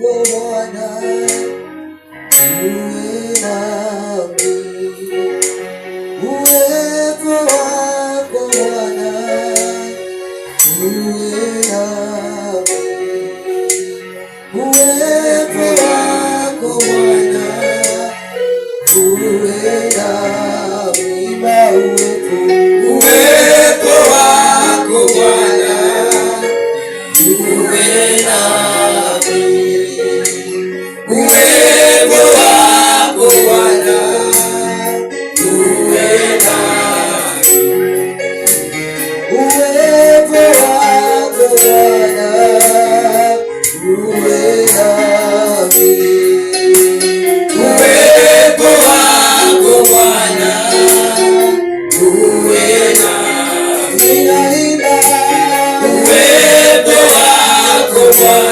Oh Bwana, uwe wangu Yes.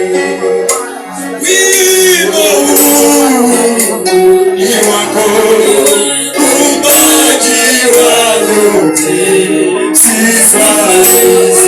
Sifat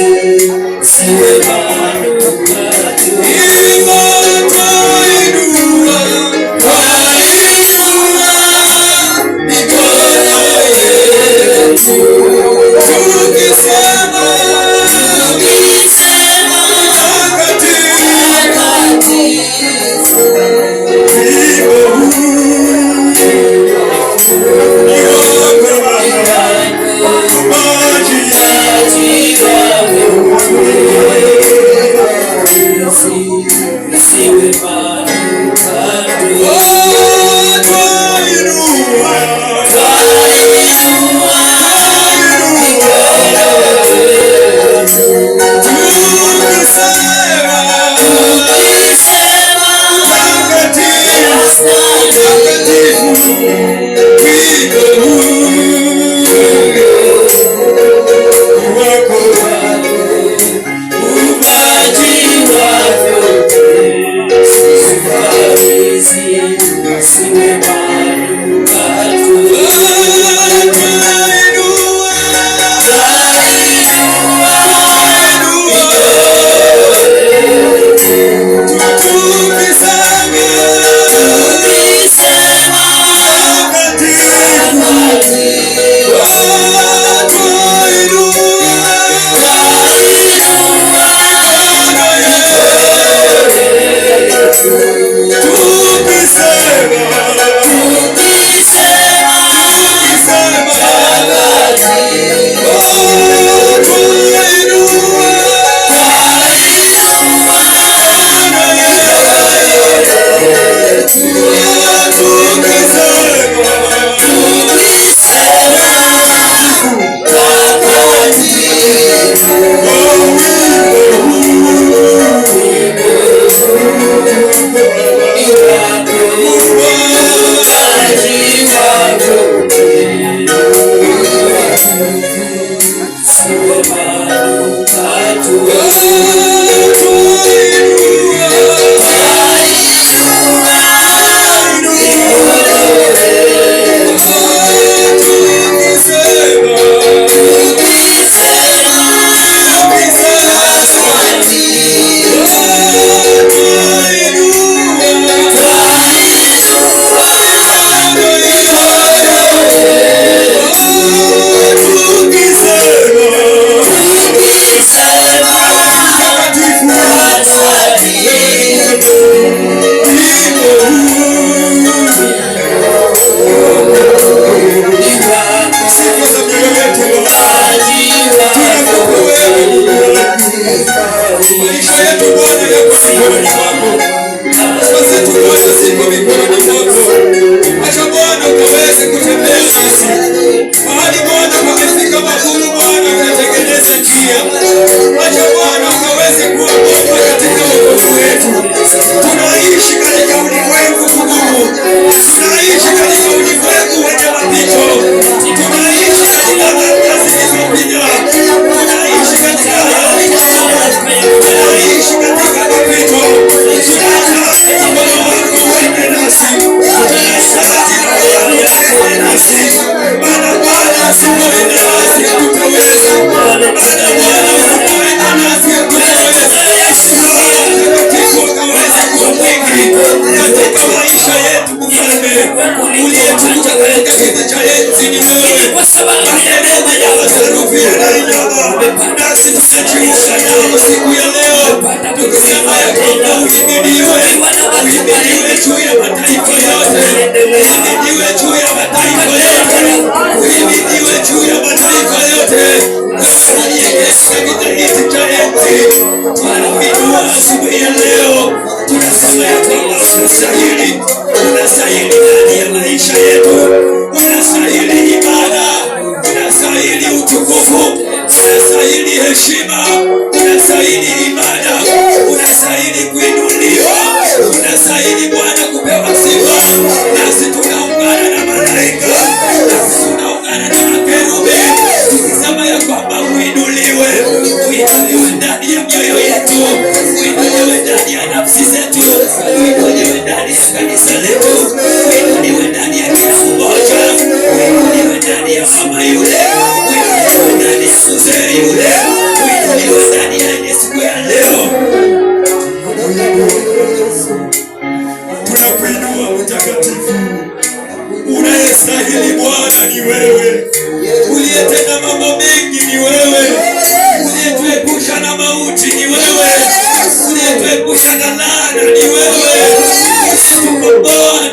you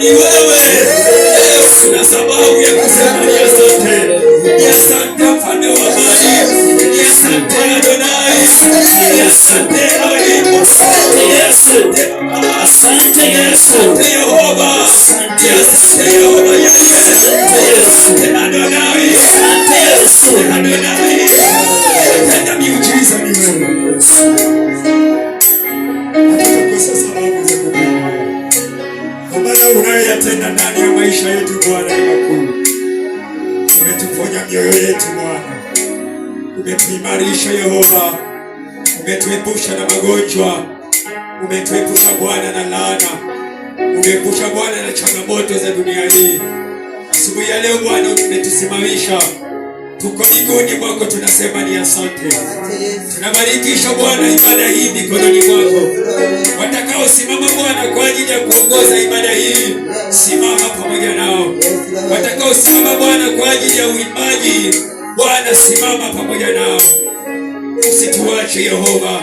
ni wewe Yesu, sababu ya kusema tena ndani ya maisha yetu Bwana makuu. Umetuponya mioyo yetu Bwana, umetuimarisha Yehova, umetuepusha na magonjwa, umetuepusha Bwana na laana, umeepusha Bwana na changamoto za dunia hii. Asubuhi ya leo Bwana umetusimamisha tuko miguuni mwako, tunasema ni asante. Tunabarikisha Bwana ibada hii mikononi mwako, watakaosimama Bwana kwa ajili ya kuongoza ibada hii watakaosimama Bwana kwa ajili ya uimbaji, Bwana simama pamoja nao, usituache Yehova,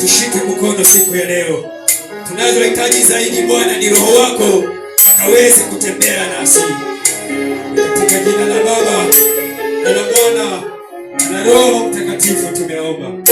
tushike mkono siku ya leo. Tunazohitaji zaidi Bwana ni Roho wako akaweze kutembea nasi, katika jina la Baba na la Mwana na Roho Mtakatifu tumeomba.